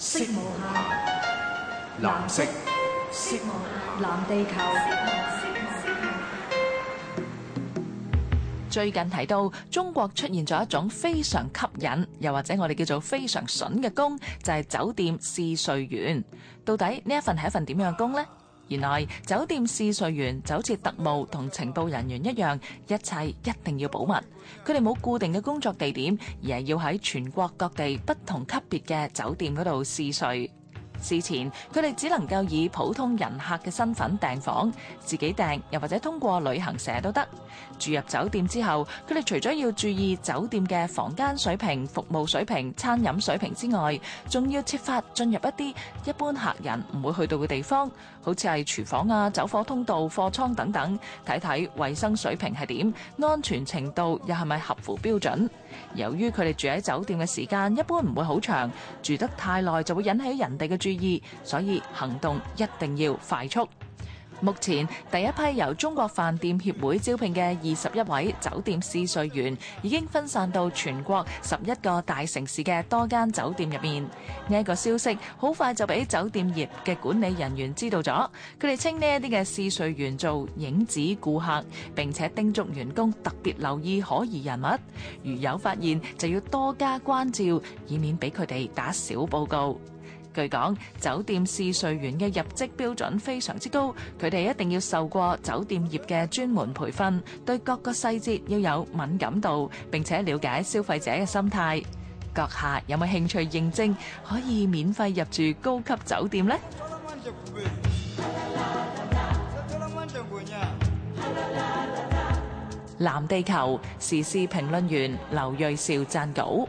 色無暇，藍色。色無暇，藍地球。最近提到中國出現咗一種非常吸引，又或者我哋叫做非常笋嘅工，就係、是、酒店試睡員。到底呢一份係一份點樣嘅工呢？原來酒店試睡員就好似特務同情報人員一樣，一切一定要保密。佢哋冇固定嘅工作地點，而係要喺全國各地不同級別嘅酒店嗰度試睡。事前，注意，所以行動一定要快速。目前第一批由中國飯店協會招聘嘅二十一位酒店試睡員已經分散到全國十一個大城市嘅多間酒店入面。呢一個消息好快就俾酒店業嘅管理人員知道咗，佢哋稱呢一啲嘅試睡員做影子顧客，並且叮囑員工特別留意可疑人物，如有發現就要多加關照，以免俾佢哋打小報告。據講，酒店試睡員嘅入職標準非常之高，佢哋一定要受過酒店業嘅專門培訓，對各個細節要有敏感度，並且了解消費者嘅心態。閣下有冇興趣應徵，可以免費入住高級酒店呢？藍地球時事評論員劉銳紹撰稿。